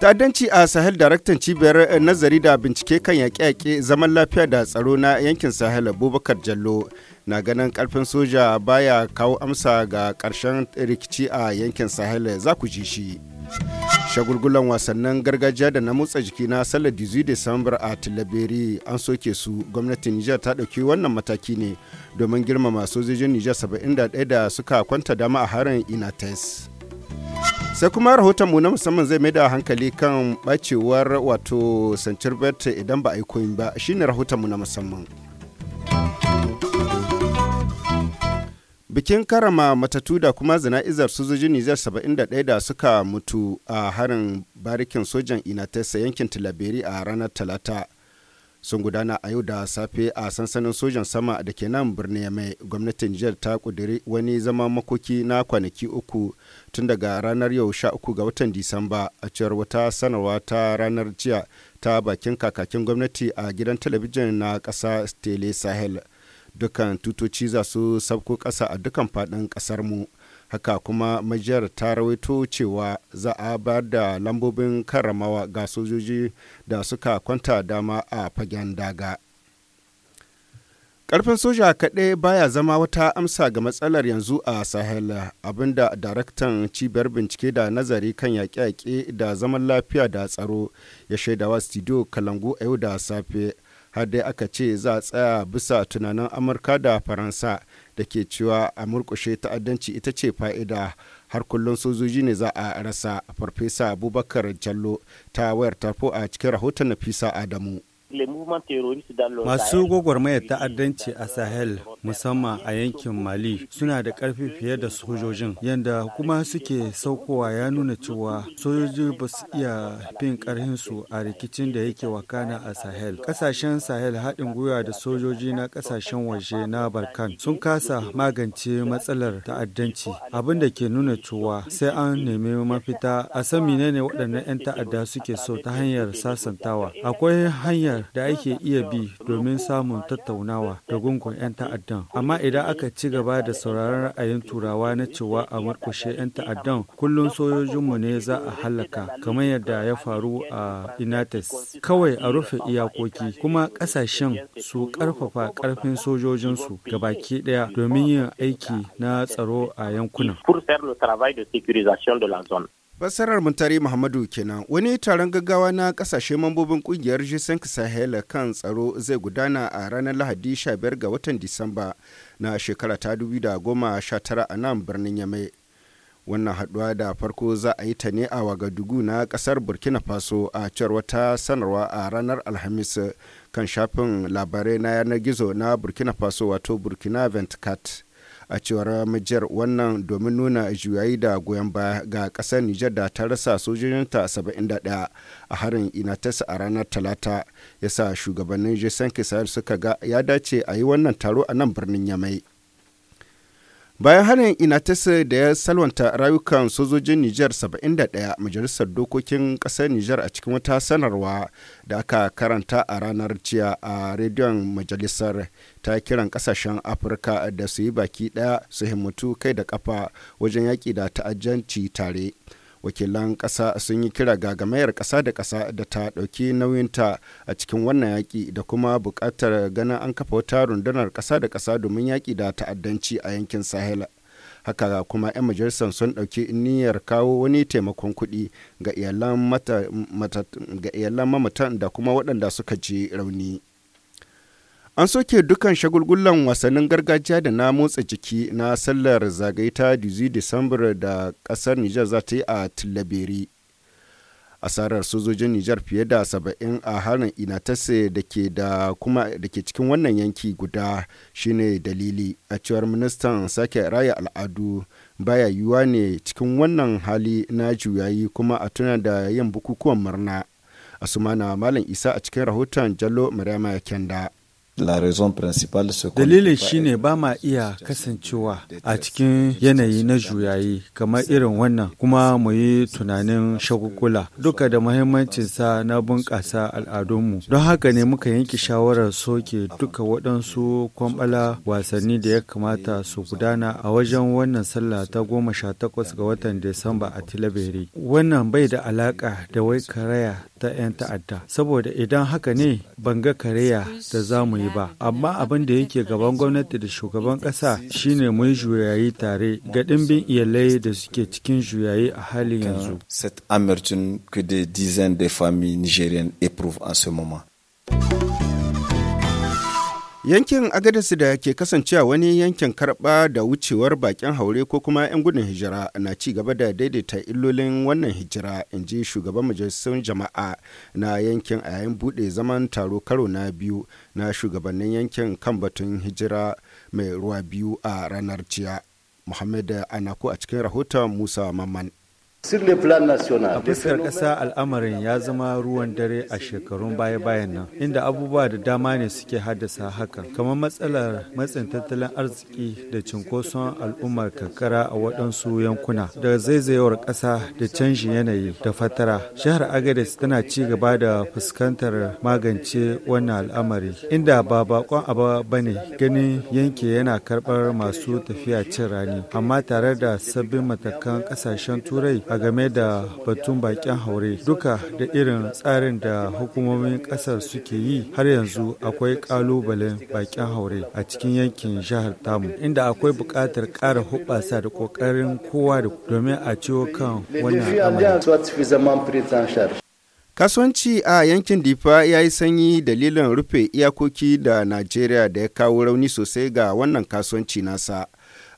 Ta'addanci a Sahel daraktan cibiyar eh, nazari da bincike kan yaƙe-yaƙe zaman lafiya da tsaro na yankin Sahel Abubakar Jallo na ganin karfin soja baya kawo amsa ga ƙarshen rikici a yankin Sahel za ku ji shi. shagulgulan wasannin gargajiya da na motsa jiki na sallar 18 Desambar a Tilaberi an soke su gwamnatin Nijar ta ɗauki wannan mataki ne domin girmama sojojin Nijar 71 da suka kwanta dama a harin Inates. sai kuma rahoton mu na musamman zai mai da hankali kan bacewar wato sancir idan ba a yi koyin ba shine mu na musamman bikin karama matatu da kuma zana'izar sojojin nijar 71 da suka mutu a harin barikin sojan inatesa yankin tilaberi a ranar talata sun gudana a yau da safe a sansanin sojan sama da ke nan birnin mai gwamnatin nijar ta kudiri wani zama makoki na kwanaki uku tun daga ranar yau sha uku ga watan disamba a cewar wata sanarwa ta ranar jiya ta bakin kakakin gwamnati a gidan talabijin na ƙasa stele sahel dukkan tutoci za su sabko ƙasa a dukkan faɗin ƙasar mu haka kuma majiyar ta rawaito cewa za a ba da lambobin karramawa ga sojoji da suka kwanta dama a fagen daga karfin soja kaɗai baya zama wata amsa ga matsalar yanzu a sahel abinda daraktan cibiyar bincike da nazari kan yaƙe-yaƙe da zaman lafiya da tsaro ya shaidawa studio kalangu a yau da safe har dai aka ce za a tsaya bisa tunanin amurka da faransa da ke cewa a murkushe ta'addanci ita ce fa'ida har kullum sojoji ne za a rasa farfesa abubakar jallo ta wayar tarfo a cikin rahoton nafisa adamu masu gwagwarmayar ta'addanci a sahel musamman a yankin mali suna da karfi fiye da sojojin yadda kuma suke saukowa ya nuna cewa sojoji ba su iya fin ƙarhinsu a rikicin da yake wakana a sahel ƙasashen sahel haɗin gwiwa da sojoji na ƙasashen waje na balkan sun kasa magance matsalar ta'addanci abin da ke nuna cewa sai an nemi mafita a san ne waɗannan 'yan ta'adda suke so ta hanyar sasantawa akwai hanyar da ake iya bi domin samun tattaunawa da gungun 'yan ta'adda ta'addan. Amma idan aka ci gaba da sauraron ra'ayin Turawa na cewa a murkushe 'yan ta'addan kullum sojojinmu ne za a hallaka kamar yadda ya faru a Inates. Kawai a rufe iyakoki kuma ƙasashen su ƙarfafa ƙarfin sojojinsu ga baki ɗaya domin yin aiki na tsaro a yankunan. Fassarar Muntari Muhammadu kenan wani taron gaggawa na kasashe mambobin kungiyar G5 Sahel kan tsaro zai gudana a ranar Lahadi 15 ga watan Disamba na shekara ta 2019 a nan birnin Yamai. Wannan haduwa da farko za a yi ta ne a Wagadugu na ƙasar Burkina Faso a cewar wata sanarwa a ranar Alhamis kan shafin labarai na yanar gizo na Burkina Faso wato Burkina Ventcat. a cewar majiyar wannan domin nuna juyayi da goyon baya ga ƙasar Nijar da ta rasa sojojinta 71 a harin Inates a ranar Talata yasa shugabannin Jisan Kisayar suka ga ya dace a yi wannan taro a nan birnin Yamai. bayan harin inatese da ya salwanta rayukan sojojin niger 71 majalisar dokokin kasar niger a cikin wata sanarwa da aka karanta a ranar jiya a rediyon majalisar ta kiran kasashen afirka da su yi baki daya su himmatu kai da kafa wajen yaƙi da ta'ajjanci tare wakilan ƙasa sun yi kira ga gamayar ƙasa da ƙasa da ta ɗauki nauyinta a cikin wannan yaƙi da kuma buƙatar ganin an kafa wata rundunar ƙasa da ƙasa domin yaki da ta'addanci a yankin sahel haka kuma 'yan majalisar sun ɗauki niyyar kawo wani taimakon kuɗi ga iyalan mamatan da kuma waɗanda suka ji rauni. An soke dukkan shagulgulan wasannin gargajiya da na motsa jiki na sallar zagaye ta Disambar da ƙasar Nijar za ta yi a Tillaberi. Asarar sojojin Nijar fiye da saba'in a harin Inatase da ke da kuma da ke cikin wannan yanki guda shine dalili a cewar ministan sake raya al'adu baya yiwuwa ne cikin wannan hali na juyayi kuma a tuna da yin bukukuwan murna. Asumana Malam Isa a cikin rahoton Jallo Maryama Kenda. Dalilin shine ba ma iya kasancewa a cikin yanayi na juyayi kamar irin wannan kuma mu yi tunanin shagukula duka da muhimmancinsa na bunƙasa al'adunmu. Don haka ne muka yanke shawarar soke duka waɗansu kwamɓala wasanni da ya kamata su gudana a wajen wannan sallah ta goma sha takwas ga watan Disamba a Tilaberi. Wannan bai da alaƙa da wai karaya ta 'yan ta'adda saboda idan haka ne ban ga kareya da za mu yi ba amma abin da yake gaban gwamnati da shugaban ƙasa shine yi juyayi tare ga ɗimbin iyalai da suke cikin juyayi a halin yanzu set amertume que des de familles nigerian en ce moment Yankin Agadez da ke kasancewa wani yankin karɓa da wucewar bakin haure ko kuma 'yan gudun hijira na ci gaba da daidaita illolin wannan hijira, in ji shugaban majalisun jama'a na yankin a yayin buɗe zaman taro karo na biyu na shugabannin yankin kan batun hijira mai ruwa biyu a ranar jiya. Muhammad Anako a cikin rahoton Musa Mamman. A fuskar ƙasa al'amarin ya zama ruwan dare a shekarun baya-bayan nan, inda abubuwa da dama ne suke haddasa hakan, kamar matsalar matsin tattalin arziki da cinkoson al'ummar karkara a waɗansu yankuna, da zaizayewar ƙasa da canjin yanayi da fatara. Shahar Agadez tana ci gaba da fuskantar magance wannan al'amari, inda ba bakon abu ba ne ganin yanke yana karɓar masu tafiya cin rani, amma tare da sabbin matakan ƙasashen Turai a game da batun bakin haure duka da irin tsarin da hukumomin kasar suke yi har yanzu akwai kalubalen bakin haure a cikin yankin jihar tamu inda akwai bukatar ƙara hubasa da kokarin kowa da domin a ciwo kan wannan Kasuwanci a yankin Difa ya yi sanyi dalilin rufe iyakoki da Najeriya da ya kawo rauni sosai ga wannan kasuwanci nasa.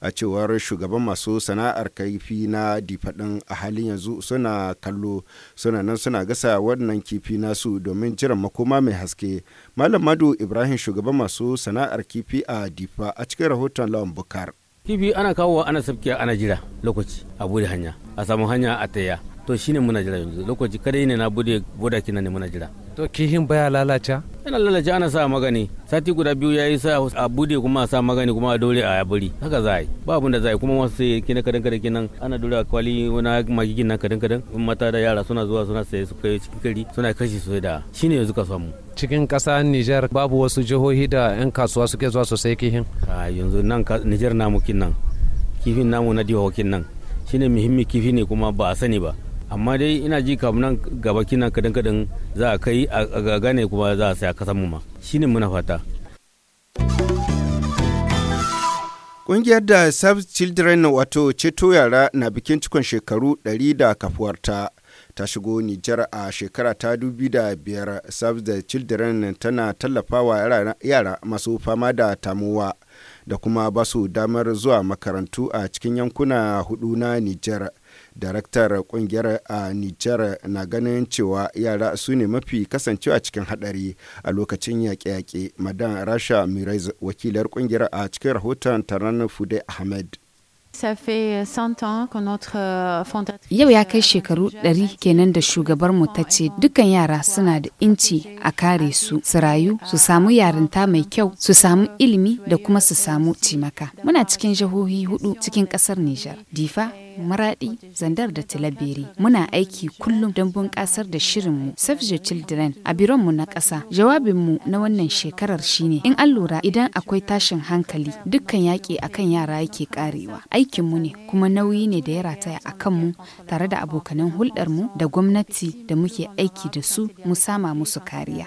a cewar shugaban masu sana'ar kaifi na difaɗin a halin yanzu suna kallo suna nan suna gasa wannan kifi nasu domin jiran makoma mai haske malam madu ibrahim shugaban masu sana'ar kifi a difa a cikin rahoton lawan bukar kifi ana kawo ana sabkiya ana jira lokaci a bude hanya a samu hanya a taya to shine muna jira yanzu lokaci kada ne na bude boda kina ne muna jira to kihin baya lalaca yana lalace ana sa magani sati guda biyu yayi sa a bude kuma a sa magani kuma a dole a bari haka za yi ba abin da za yi kuma wasu sai kina kadan kadan kinan ana dole a kwali wani magigin nan kadan kadan mata da yara suna zuwa suna saye su kai cikin kari suna kashi su da shine yanzu ka samu cikin ƙasa Niger babu wasu jihohi da 'yan kasuwa suke zuwa sosai kihin a yanzu nan Niger namu kinan kifin namu na diwa kinan shine muhimmi kifi ne kuma ba a sani ba amma dai ina ji kamun nan gaba kinan kadan kadan za a kai a gane kuma za a saya kasan mu ma shine muna fata Ƙungiyar da Save Children wato ceto yara na bikin cikon shekaru 100 da kafuwarta. ta shigo Nijar a shekara ta biyar Save the Children tana tallafawa yara masu fama da tamowa da kuma basu damar zuwa makarantu a cikin yankuna hudu na Nijar. daraktar kungiyar a nijar na ganin cewa yara su ne mafi kasancewa cikin hadari a lokacin yaƙe-yaƙe madan rasha mirais wakilar kungiyar a cikin rahoton taron fude ahmed euh, euh, Yau ya kai euh, shekaru ɗari kenan da shugabar mu ta ce dukkan yara suna da inci a kare su, su rayu, su samu yarinta mai kyau, su samu ilimi da kuma su samu cimaka. Muna cikin jihohi hudu cikin ƙasar Nijar, Difa, Maradi, Zandar da Tilaberi. Muna aiki kullum don bunƙasar da shirinmu Save the Children a mu na ƙasa. Jawabinmu na wannan shekarar shine in an lura idan akwai tashin hankali dukkan yaƙi akan yara yake ƙarewa. Aikinmu ne kuma nauyi ne da ya rataya a kanmu tare da abokanan hulɗarmu da gwamnati da muke aiki da su mu sama musu kariya.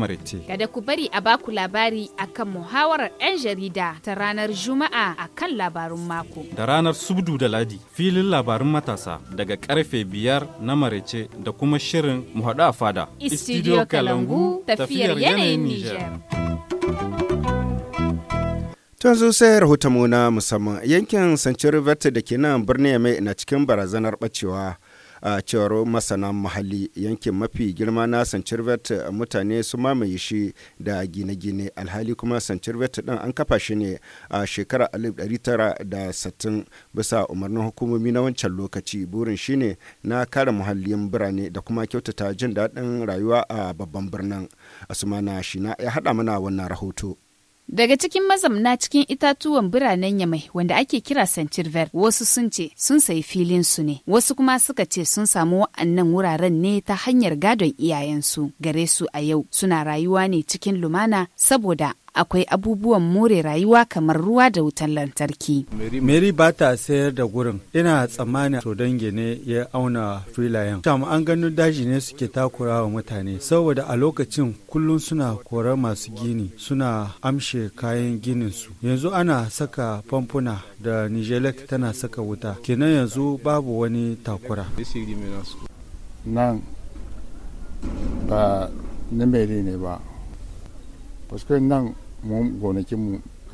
maraice. Kada ku bari a baku labari akan muhawarar 'yan jarida ta ranar Juma'a a kan labarun mako. Da ranar Subdu da Ladi filin labarun matasa daga karfe biyar na maraice da kuma shirin mu a fada. Istidiyo Kalangu tafiyar yanayin Nijar. tun sai rahoton na musamman yankin Sanctuary Verde da ke nan birnin Yamai na cikin barazanar bacewa. a cewar masana mahalli yankin mafi girma na sancirvet mutane su mamaye shi da gine-gine alhali kuma sancirvet din an kafa shi ne a shekarar 1960 bisa umarnin hukumomi na wancan lokaci burin shi ne na kare muhallin birane da kuma kyautata jin daɗin rayuwa a babban birnin asumana na ya haɗa mana wannan rahoto. Daga cikin mazamna cikin itatuwan biranen Yamai wanda ake kira Santirver, wasu sun ce sun sayi filin su ne, wasu kuma suka ce sun samu wa'annan wuraren ne ta hanyar gadon iyayensu gare su a yau suna rayuwa ne cikin lumana saboda akwai abubuwan more rayuwa kamar ruwa da wutan lantarki. Mary ba ta sayar da gurin, ina tsammani to dange ne ya auna filayen. Sham an gano daji ne suke takura wa mutane, saboda a lokacin kullum suna korar masu gini suna amshe kayan ginin su. Yanzu ana saka famfuna da Nijelek tana saka wuta, kenan yanzu babu wani takura. Nan ba ne ba. Fuskan nan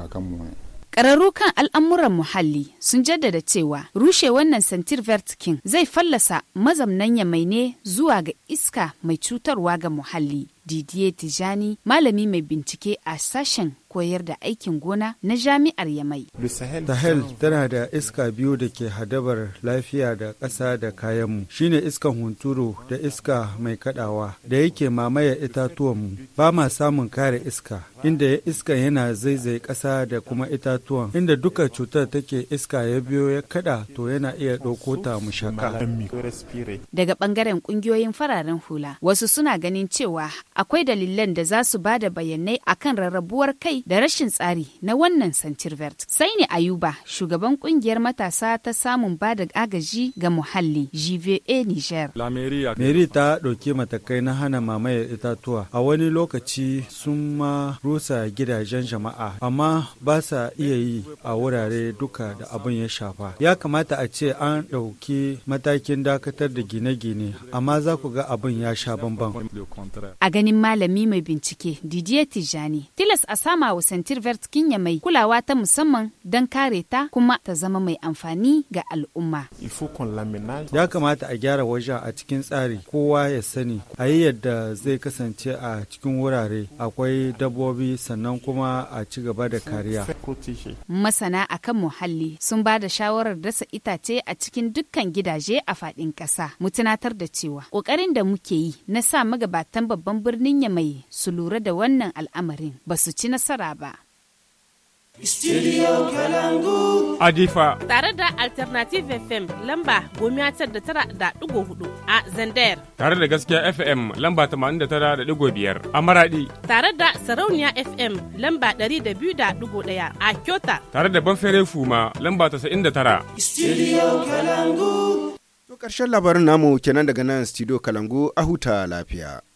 kakanmu ne. Ƙararru kan al'amuran muhalli sun jaddada cewa rushe wannan santir vertikin zai fallasa mazamnan yamai ne zuwa ga iska mai cutarwa ga muhalli Didier Tijani malami mai bincike a sashen koyar da aikin gona na jami'ar Yamai. Sahel tana da iska biyu da ke hadabar lafiya da ƙasa da kayanmu shine iskan hunturu da iska mai kadawa da yake mamaya itatuwanmu ba ma samun kare iska inda iska yana zaizai ƙasa da kuma itatuwan inda duka cutar take iska ya biyo ya kada to yana iya ɗaukota ta mu shaka. Daga ɓangaren ƙungiyoyin fararen hula wasu suna ganin cewa akwai dalilan da za su bada bayanai akan rarrabuwar kai da rashin tsari na wannan Santirvert. Sai ne Ayuba, shugaban kungiyar matasa ta samun bada agaji ga muhalli GVA Niger. Meri ta ɗauki matakai na hana mamayar itatuwa. A wani lokaci sun ma rusa gidajen jama'a, amma ba sa iya yi a wurare duka da abin ya shafa. Ya kamata a ce an ɗauki matakin dakatar da gine-gine, amma za ku ga abin ya sha bamban. ganin malami mai bincike Didier Tijani. Tilas a sama wa Santir Vertikin ya mai kulawa ta musamman don kare ta kuma ta zama mai amfani ga al'umma. Ya kamata a gyara waje a cikin tsari kowa ya sani a yi yadda zai kasance a cikin wurare akwai dabbobi sannan kuma a ci gaba da kariya. Masana akan muhalli sun ba da shawarar dasa itace a cikin dukkan gidaje a faɗin ƙasa. Mu tunatar da cewa ƙoƙarin da muke yi na sa magabatan babban birni. birnin Yamai su lura da wannan al'amarin ba su ci nasara ba. Studio Kalangu. Adifa. Tare da Alternative FM lamba gomiya tar da tara da ɗigo hudu a zander. Tare da gaskiya FM lamba tamanin da tara da ɗigo biyar a Maradi. Tare da Sarauniya FM lamba ɗari da biyu da ɗigo ɗaya a Kyota. Tare da Banfere Fuma lamba tasa'in da tara. Studio Kalangu. To ƙarshen labarin namu kenan daga nan Studio Kalangu a huta lafiya.